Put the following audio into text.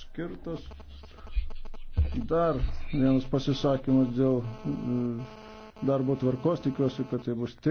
skirtas. Dar vienas pasisakymas dėl mm, darbo tvarkos, tikiuosi, kad tai bus.